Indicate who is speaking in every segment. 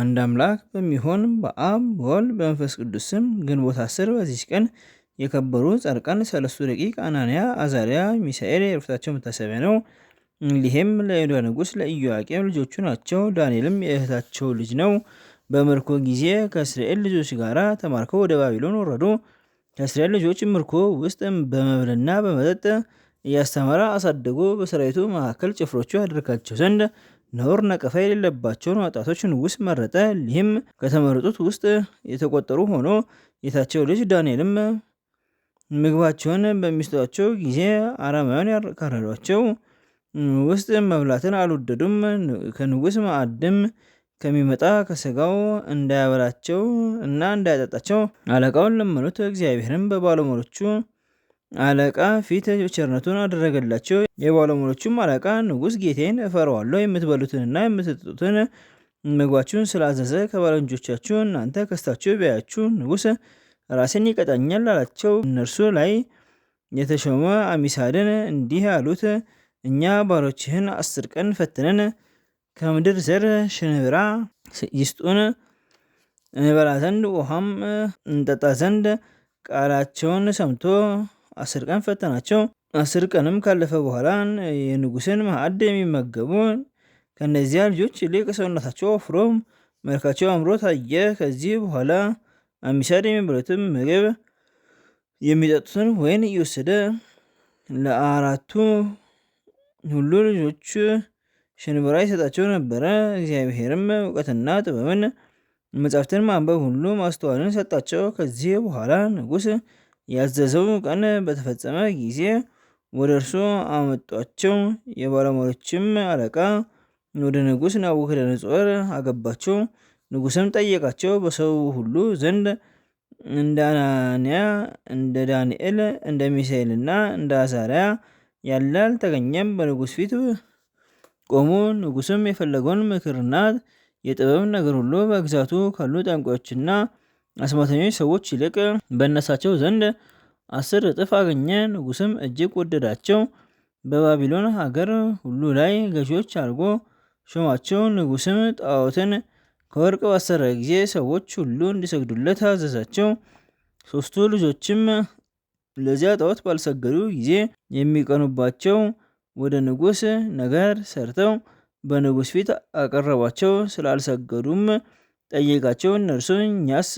Speaker 1: አንድ አምላክ በሚሆን በአብ በወልድ በመንፈስ ቅዱስ ስም ግንቦት አስር በዚች ቀን የከበሩ ጻድቃን ሰለስቱ ደቂቅ አናንያ፣ አዛርያ፣ ሚሳኤል የዕረፍታቸው መታሰቢያ ነው። እንዲህም ለይሁዳ ንጉሥ ለኢዮአቄም ልጆቹ ናቸው። ዳንኤልም የእህታቸው ልጅ ነው። በምርኮ ጊዜ ከእስራኤል ልጆች ጋር ተማርከው ወደ ባቢሎን ወረዱ። ከእስራኤል ልጆች ምርኮ ውስጥ በመብልና በመጠጥ እያስተማረ አሳደጉ በሰራዊቱ መካከል ጭፍሮቹ ያደርጋቸው ዘንድ ነውር ነቀፋ የሌለባቸውን ወጣቶች ውስጥ መረጠ። ይህም ከተመረጡት ውስጥ የተቆጠሩ ሆኖ የታቸው ልጅ ዳንኤልም ምግባቸውን በሚስቷቸው ጊዜ አረማውያን ያካረዷቸው ውስጥ መብላትን አልወደዱም። ከንጉስ ማዕድም ከሚመጣ ከስጋው እንዳያበላቸው እና እንዳያጠጣቸው አለቃውን ለመኑት። እግዚአብሔርም በባለሙያዎቹ አለቃ ፊት ቸርነቱን አደረገላቸው። የባለሙሎቹም አለቃ ንጉሥ ጌቴን እፈራዋለሁ፣ የምትበሉትንና የምትጠጡትን ምግባችሁን ስላዘዘ ከባልንጀሮቻችሁ እናንተ ከስታችሁ ቢያያችሁ ንጉሥ ራሴን ይቀጣኛል አላቸው። እነርሱ ላይ የተሾመ አሚሳድን እንዲህ አሉት፣ እኛ ባሮችህን አስር ቀን ፈትነን ከምድር ዘር ሽንብራ ይስጡን እንበላ ዘንድ ውሃም እንጠጣ ዘንድ ቃላቸውን ሰምቶ አስር ቀን ፈተናቸው። አስር ቀንም ካለፈ በኋላ የንጉስን ማዕድ የሚመገቡን ከእነዚያ ልጆች ይልቅ ሰውነታቸው ወፍሮም መልካቸው አምሮ ታየ። ከዚህ በኋላ አሚሳድ የሚበሉትን ምግብ የሚጠጡትን ወይን እየወሰደ ለአራቱ ሁሉ ልጆች ሽንብራ ይሰጣቸው ነበረ። እግዚአብሔርም እውቀትና ጥበብን መጻሕፍትን ማንበብ ሁሉ ማስተዋልን ሰጣቸው። ከዚህ በኋላ ንጉስ ያዘዘው ቀን በተፈጸመ ጊዜ ወደ እርሱ አመጧቸው። የባለሟሎችም አለቃ ወደ ንጉሥ ናቡከደነጾር አገባቸው። ንጉሥም ጠየቃቸው፣ በሰው ሁሉ ዘንድ እንደ አናንያ፣ እንደ ዳንኤል፣ እንደ ሚሳኤልና እንደ አዛርያ ያለ አልተገኘም። በንጉሥ ፊት ቆሙ። ንጉሥም የፈለገውን ምክርና የጥበብ ነገር ሁሉ በግዛቱ ካሉ ጠንቋዮችና አስማተኞች ሰዎች ይልቅ በእነሳቸው ዘንድ አስር እጥፍ አገኘ። ንጉስም እጅግ ወደዳቸው፣ በባቢሎን ሀገር ሁሉ ላይ ገዢዎች አድርጎ ሾማቸው። ንጉስም ጣዖትን ከወርቅ ባሰረ ጊዜ ሰዎች ሁሉ እንዲሰግዱለት አዘዛቸው። ሶስቱ ልጆችም ለዚያ ጣዖት ባልሰገዱ ጊዜ የሚቀኑባቸው ወደ ንጉስ ነገር ሰርተው በንጉስ ፊት አቀረቧቸው። ስላልሰገዱም ጠየቃቸው። እነርሱ እኛስ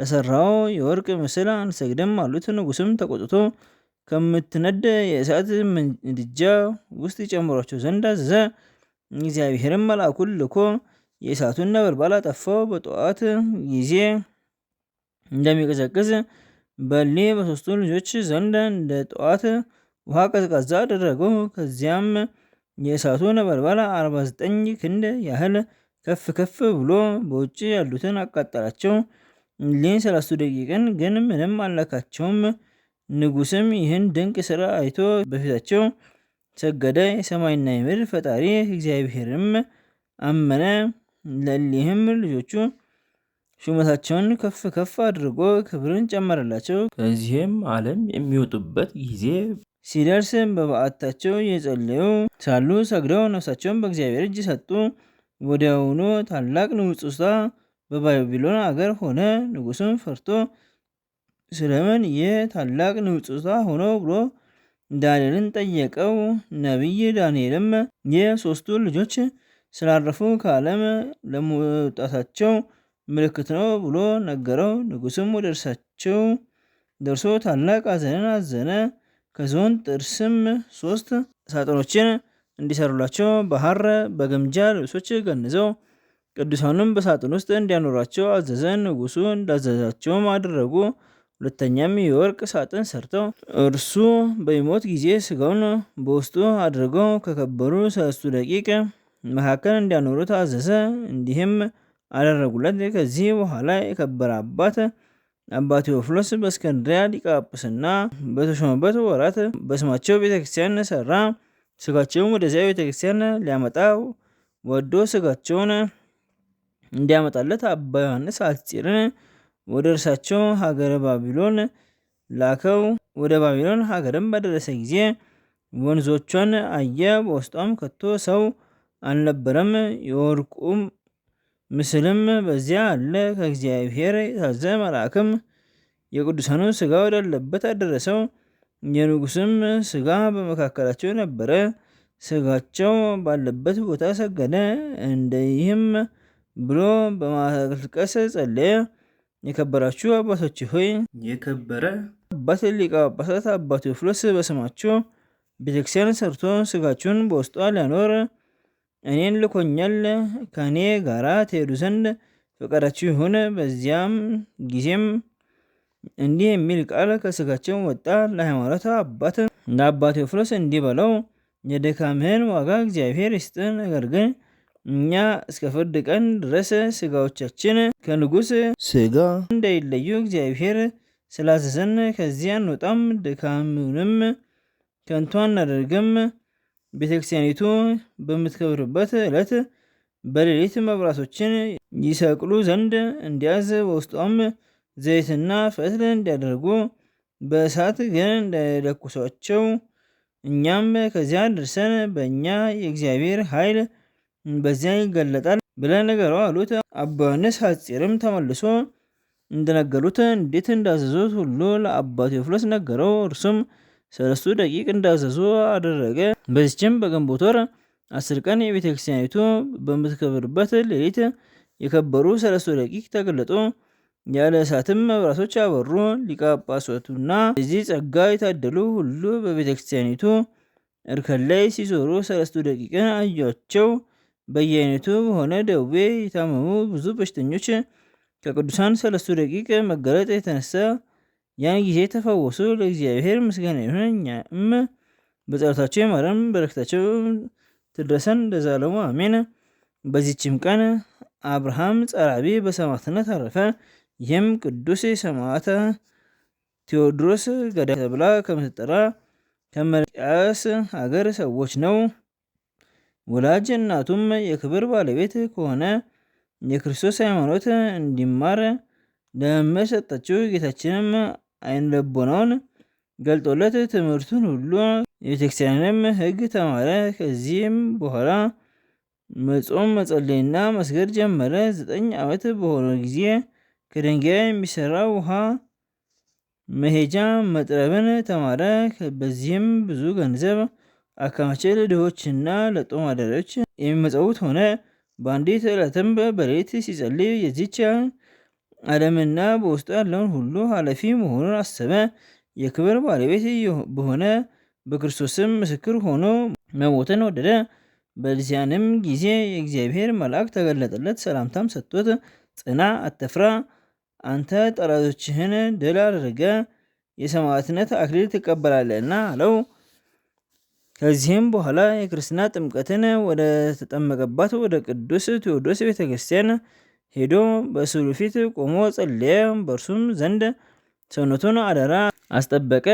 Speaker 1: ለሰራው የወርቅ ምስል አንሰግድም አሉት። ንጉስም ተቆጥቶ ከምትነድ የእሳት ምድጃ ውስጥ ጨምሯቸው ዘንድ አዘዘ። እግዚአብሔርም መልአኩን ልኮ የእሳቱን ነበልባል አጠፋው። በጠዋት ጊዜ እንደሚቀዘቅዝ በሌ በሶስቱ ልጆች ዘንድ እንደ ጠዋት ውሃ ቀዝቃዛ አደረገው። ከዚያም የእሳቱ ነበልባል 49 ክንድ ያህል ከፍ ከፍ ብሎ በውጭ ያሉትን አቃጠላቸው። እሊህን ሰላሳ ደቂቅ ግን ምንም አላካቸውም ንጉስም ይህን ድንቅ ስራ አይቶ በፊታቸው ሰገደ። የሰማይና የምድር ፈጣሪ እግዚአብሔርም አመነ። ለሊህም ልጆቹ ሹመታቸውን ከፍ ከፍ አድርጎ ክብርን ጨመረላቸው።
Speaker 2: ከዚህም ዓለም የሚወጡበት ጊዜ
Speaker 1: ሲደርስ በበዓታቸው የጸለዩ ሳሉ ሰግደው ነፍሳቸውን በእግዚአብሔር እጅ ሰጡ። ወዲያውኑ ታላቅ ንውጽውጽታ በባቢሎን አገር ሆነ። ንጉሡም ፈርቶ ስለምን ይህ ታላቅ ንውጽውጽታ ሆኖ ብሎ ዳንኤልን ጠየቀው። ነቢይ ዳንኤልም የሶስቱ ልጆች ስላረፉ ከዓለም ለመውጣታቸው ምልክት ነው ብሎ ነገረው። ንጉስም ወደ እርሳቸው ደርሶ ታላቅ አዘንን አዘነ። ከዝሆን ጥርስም ሶስት ሳጥኖችን እንዲሰሩላቸው በሐር በግምጃ ልብሶች ገንዘው ቅዱሳኑም በሳጥን ውስጥ እንዲያኖራቸው አዘዘ። ንጉሱ እንዳዘዛቸውም አደረጉ። ሁለተኛም የወርቅ ሳጥን ሰርተው እርሱ በሚሞት ጊዜ ስጋውን በውስጡ አድርገው ከከበሩ ሰለስቱ ደቂቅ መካከል እንዲያኖሩት አዘዘ። እንዲህም አደረጉለት። ከዚህ በኋላ የከበረ አባት አባ ቴዎፍሎስ በእስከንድሪያ ሊቀ ጳጳስና በተሾመበት ወራት በስማቸው ቤተክርስቲያን ሰራ። ስጋቸውን ወደዚያ ቤተክርስቲያን ሊያመጣ ወዶ ስጋቸውን እንዲያመጣለት አባ ዮሐንስ አስጢርን ወደ እርሳቸው ሀገረ ባቢሎን ላከው። ወደ ባቢሎን ሀገርም በደረሰ ጊዜ ወንዞቿን አየ። በውስጧም ከቶ ሰው አልነበረም። የወርቁም ምስልም በዚያ አለ። ከእግዚአብሔር የታዘ መልአክም የቅዱሳኑ ስጋ ወዳለበት አደረሰው። የንጉስም ስጋ በመካከላቸው ነበረ። ስጋቸው ባለበት ቦታ ሰገደ፣ እንደይህም ብሎ በማልቀስ ጸለየ። የከበራችሁ አባቶች ሆይ የከበረ አባት ሊቀ ጳጳሳት አባ ቴዎፍሎስ በስማችሁ ቤተክርስቲያን ሰርቶ ስጋችሁን በውስጧ ሊያኖር እኔን ልኮኛል። ከእኔ ጋራ ትሄዱ ዘንድ ፈቃዳችሁ ይሁን። በዚያም ጊዜም እንዲህ የሚል ቃል ከስጋችን ወጣ። ለሃይማኖት አባት እንደ አባ ቴዎፍሎስ እንዲህ በለው፣ የድካምህን ዋጋ እግዚአብሔር ይስጥ። ነገር ግን እኛ እስከ ፍርድ ቀን ድረስ ስጋዎቻችን ከንጉስ ስጋ እንዳይለዩ እግዚአብሔር ስላዘዘን ከዚያ አንወጣም፣ ድካምንም ከንቱ አናደርግም። ቤተክርስቲያኒቱ በምትከብርበት ዕለት በሌሊት መብራቶችን ይሰቅሉ ዘንድ እንዲያዝ በውስጧም ዘይትና ፈትል እንዲያደርጉ በእሳት ግን እንዳይለኩሷቸው። እኛም ከዚያ ደርሰን በእኛ የእግዚአብሔር ኃይል በዚያ ይገለጣል ብለን ነገረው አሉት። አባ ዮሐንስ ሐጺርም ተመልሶ እንደነገሩት እንዴት እንዳዘዙት ሁሉ ለአባ ቴዎፍሎስ ነገረው። እርሱም ሰለስቱ ደቂቅ እንዳዘዙ አደረገ። በዚችም በግንቦት ወር አስር ቀን የቤተ ክርስቲያኒቱ በምትከብርበት ሌሊት የከበሩ ሰለስቱ ደቂቅ ተገለጡ። ያለ እሳትም መብራቶች ያበሩ ሊቀ ጳጳሳቱና እዚህ ጸጋ የታደሉ ሁሉ በቤተክርስቲያኒቱ እርከን ላይ ሲዞሩ ሰለስቱ ደቂቅን አያቸው። በየአይነቱ በሆነ ደዌ የታመሙ ብዙ በሽተኞች ከቅዱሳን ሰለስቱ ደቂቅ መገለጥ የተነሳ ያን ጊዜ ተፈወሱ። ለእግዚአብሔር ምስጋና ይሁን፣ እኛም በጸሎታቸው ይማረን፣ በረከታቸው ትድረሰን ለዘላለሙ አሜን። በዚችም ቀን አብርሃም ጸራቢ በሰማዕትነት አረፈ። ይህም ቅዱስ ሰማዕት ቴዎድሮስ ገዳም ተብላ ከምትጠራ ከመልቅያስ ሀገር ሰዎች ነው። ወላጅ እናቱም የክብር ባለቤት ከሆነ የክርስቶስ ሃይማኖት እንዲማር ለመምህር ሰጠችው። ጌታችንም ዓይነ ልቦናውን ገልጦለት ትምህርቱን ሁሉ የቤተክርስቲያንም ሕግ ተማረ። ከዚህም በኋላ መጾም መጸለይና መስገድ ጀመረ። ዘጠኝ ዓመት በሆነ ጊዜ ከድንጋይ የሚሰራ ውሃ መሄጃ መጥረብን ተማረ። በዚህም ብዙ ገንዘብ አከማቸ። ለድሆችና ለጦ አዳሪዎች የሚመጸውት ሆነ። በአንዲት ዕለትም በሌሊት ሲጸልይ የዚች ዓለምና በውስጡ ያለውን ሁሉ ኃላፊ መሆኑን አሰበ። የክብር ባለቤት በሆነ በክርስቶስም ምስክር ሆኖ መሞትን ወደደ። በዚያንም ጊዜ የእግዚአብሔር መልአክ ተገለጠለት፣ ሰላምታም ሰጥቶት ጽና፣ አትፍራ አንተ ጠላቶችህን ድል አድርገ የሰማዕትነት አክሊል ትቀበላለህና አለው። ከዚህም በኋላ የክርስትና ጥምቀትን ወደ ተጠመቀባት ወደ ቅዱስ ቴዎዶስ ቤተ ክርስቲያን ሄዶ በስዕሉ ፊት ቆሞ ጸለየ። በእርሱም ዘንድ ሰውነቱን አደራ አስጠበቀ።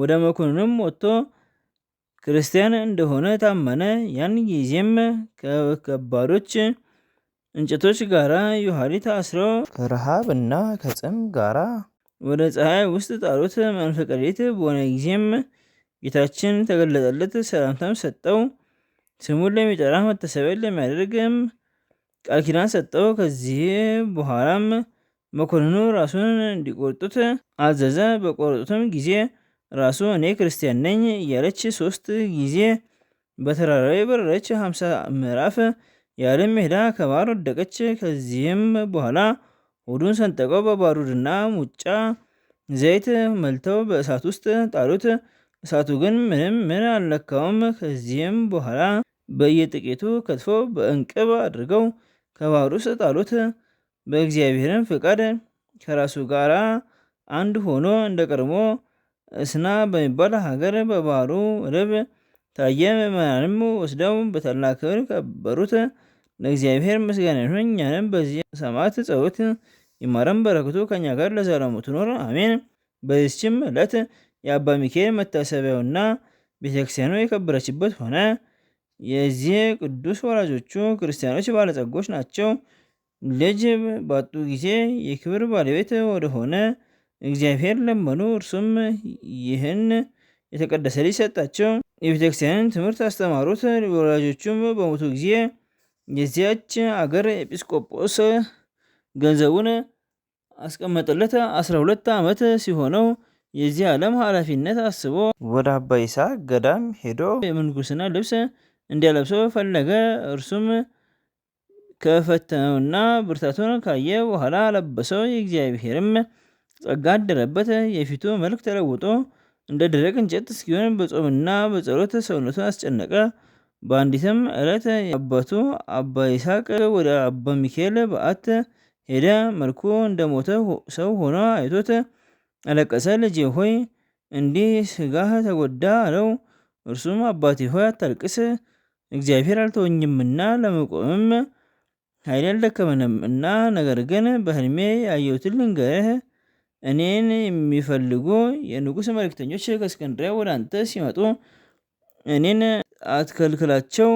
Speaker 1: ወደ መኮንንም ወጥቶ ክርስቲያን እንደሆነ ታመነ። ያን ጊዜም ከከባዶች እንጨቶች ጋራ ዮሐሪ ታስሮ
Speaker 2: ከረሃብ እና ከጽም ጋራ
Speaker 1: ወደ ፀሐይ ውስጥ ጣሉት። መንፈቀ ሌሊት በሆነ ጊዜም ጌታችን ተገለጠለት፣ ሰላምታም ሰጠው። ስሙን ለሚጠራ መታሰቢያን ለሚያደርግም ቃል ኪዳን ሰጠው። ከዚህ በኋላም መኮንኑ ራሱን እንዲቆርጡት አዘዘ። በቆረጡትም ጊዜ ራሱ እኔ ክርስቲያን ነኝ እያለች ሶስት ጊዜ በተራራዊ በረረች። ሀምሳ ምዕራፍ ያለም ሜዳ ከባህር ወደቀች። ከዚህም በኋላ ሆዱን ሰንጠቀው በባሩድና ሙጫ ዘይት መልተው በእሳት ውስጥ ጣሉት። እሳቱ ግን ምንም ምን አልለካውም ከዚህም በኋላ በየጥቂቱ ከትፎ በእንቅብ አድርገው ከባህር ውስጥ ጣሉት። በእግዚአብሔርም ፍቃድ ከራሱ ጋር አንድ ሆኖ እንደ ቀድሞ እስና በሚባል ሀገር በባህሩ ወደብ ታየ። ምዕመናንም ወስደው በታላቅ ክብር ቀበሩት። ለእግዚአብሔር ምስጋና ይሁን። እኛንም በዚህ ሰማዕት ጸሎት ይማረን፣ በረከቱ ከኛ ጋር ለዘላለሙ ትኖር አሜን። በዚችም ዕለት የአባ ሚካኤል መታሰቢያውና ቤተክርስቲያኑ የከበረችበት ሆነ። የዚህ ቅዱስ ወላጆቹ ክርስቲያኖች ባለጸጎች ናቸው። ልጅ ባጡ ጊዜ የክብር ባለቤት ወደሆነ እግዚአብሔር ለመኑ። እርሱም ይህን የተቀደሰ ልጅ ሰጣቸው። የቤተክርስቲያንን ትምህርት አስተማሩት። ወላጆቹም በሞቱ ጊዜ የዚያች አገር ኤጲስቆጶስ ገንዘቡን አስቀመጠለት። 12 ዓመት ሲሆነው የዚህ ዓለም ኃላፊነት አስቦ
Speaker 2: ወደ አባ ይስሐቅ ገዳም ሄዶ
Speaker 1: የምንኩስና ልብስ እንዲያለብሰው ፈለገ። እርሱም ከፈተነውና ብርታቱን ካየ በኋላ ለበሰው። የእግዚአብሔርም ጸጋ አደረበት። የፊቱ መልክ ተለውጦ እንደ ደረቅ እንጨት እስኪሆን በጾምና በጸሎት ሰውነቱን አስጨነቀ። በአንዲትም ዕለት አባቱ አባ ይስሐቅ ወደ አባ ሚካኤል በዓት ሄደ። መልኩ እንደሞተ ሰው ሆኖ አይቶት አለቀሰ። ልጄ ሆይ እንዲህ ስጋህ ተጎዳ አለው። እርሱም አባቴ ሆይ አታልቅስ፣ እግዚአብሔር አልተወኝምና ለመቆምም ኃይል አልደከመንም እና ነገር ግን በህልሜ ያየሁትን ልንገርህ። እኔን የሚፈልጉ የንጉሥ መልእክተኞች ከእስክንድርያ ወደ አንተ ሲመጡ እኔን አትከልክላቸው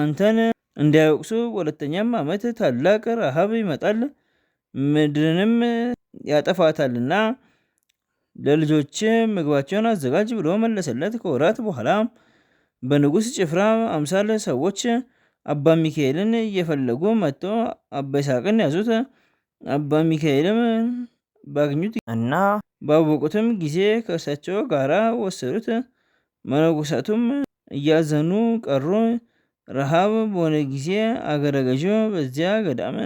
Speaker 1: አንተን እንዳይወቅሱ። በሁለተኛም ዓመት ታላቅ ረሃብ ይመጣል፣ ምድርንም ያጠፋታልና ለልጆች ምግባቸውን አዘጋጅ ብሎ መለሰለት። ከወራት በኋላ በንጉሥ ጭፍራ አምሳል ሰዎች አባ ሚካኤልን እየፈለጉ መጥቶ አባ ይስሐቅን ያዙት። አባ ሚካኤልም ባገኙት እና ባወቁትም ጊዜ ከእርሳቸው ጋራ ወሰዱት። መነኮሳቱም እያዘኑ ቀሩ። ረሃብ በሆነ ጊዜ አገረ በዚያ ገዳም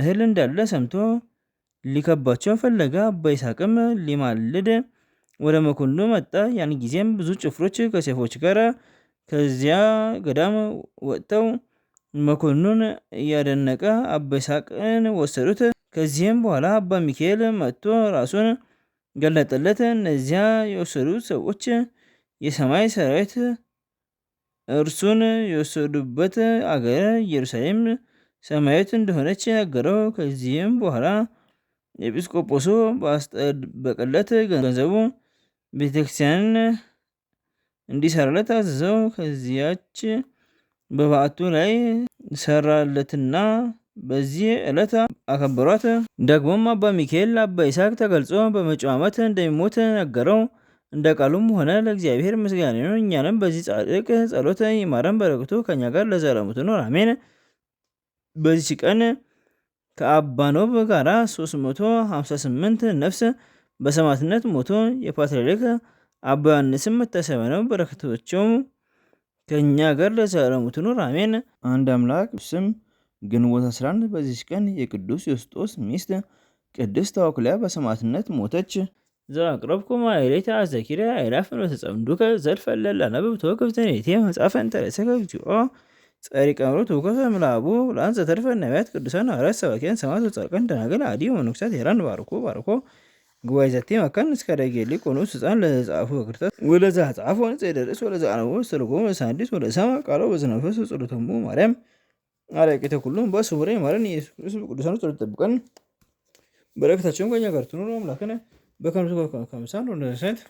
Speaker 1: እህል እንዳለ ሰምቶ ሊከባቸው ፈለገ። አባ ይስሐቅም ሊማልድ ወደ መኮንኑ መጣ። ያን ጊዜም ብዙ ጭፍሮች ከሴፎች ጋር ከዚያ ገዳም ወጥተው መኮንኑን እያደነቀ አባ ይስሐቅን ወሰዱት። ከዚህም በኋላ አባ ሚካኤል መጥቶ ራሱን ገለጠለት። እነዚያ የወሰዱት ሰዎች የሰማይ ሰራዊት እርሱን የወሰዱበት አገር ኢየሩሳሌም ሰማያዊት እንደሆነች ነገረው። ከዚህም በኋላ ኤጲስቆጶሱ ባስጠበቀለት ገንዘቡ ቤተክርስቲያንን እንዲሰራለት አዘዘው። ከዚያች በበዓቱ ላይ ሰራለትና በዚህ ዕለት አከበሯት። ደግሞም አባ ሚካኤል አባ ይስሐቅ ተገልጾ በመጪው ዓመት እንደሚሞት ነገረው። እንደ ቃሉም ሆነ። ለእግዚአብሔር ምስጋና ነው። እኛንም በዚህ ጻድቅ ጸሎት ይማረን፣ በረከቱ ከኛ ጋር ለዘላለሙ ትኖር አሜን። በዚች ቀን ከአባኖብ ጋር 358 ነፍስ በሰማዕትነት ሞቶ የፓትርያርክ አባ ዮሐንስም መታሰቢያ ነው። በረከታቸውም ከእኛ ጋር ለዘላለሙ ትኑር አሜን።
Speaker 2: አንድ አምላክ ስም ግንቦት 11 በዚች ቀን የቅዱስ ዮስጦስ ሚስት ቅድስት ተዋኩልያ በሰማዕትነት ሞተች። ዘአቅረብኩማ ኢለይከ አዘኪርያ ኢላ ፍኖተ ጸምዱከ ዘልፈለላ ነብብ ተወክብተን የቴ መጻፈን ተርእሰከ እግዚኦ ጸሪቀ ምሩት ውከፈ ምላቡ ለአንዘ ዘተርፈ ነቢያት ቅዱሳን ሐዋርያት ሰባኪያን ሰማዕት ወጻድቃን ደናግል አዲ መንኩሳት ሄራን ባርኮ ባርኮ ጉባኤ ዘቴ መካን እስከ ደጌሊ ቆኑ ስፃን ለዘጻፉ በክርታት ወለዛ ጻፎ ንጽ የደርስ ወለዛ አነቦ ስተርጎሙ ለሳንዲስ ወደ ቃሎ በዝነፈስ ጸሎተሙ ማርያም አርያቂተ ኩሉም በስውሬ ማረን ኢየሱስ ክርስቶስ በቅዱሳኑ ጸሎት ጠብቀን በረከታቸውን ከኛ ጋር ትኑሩ አምላክነ በከምሳ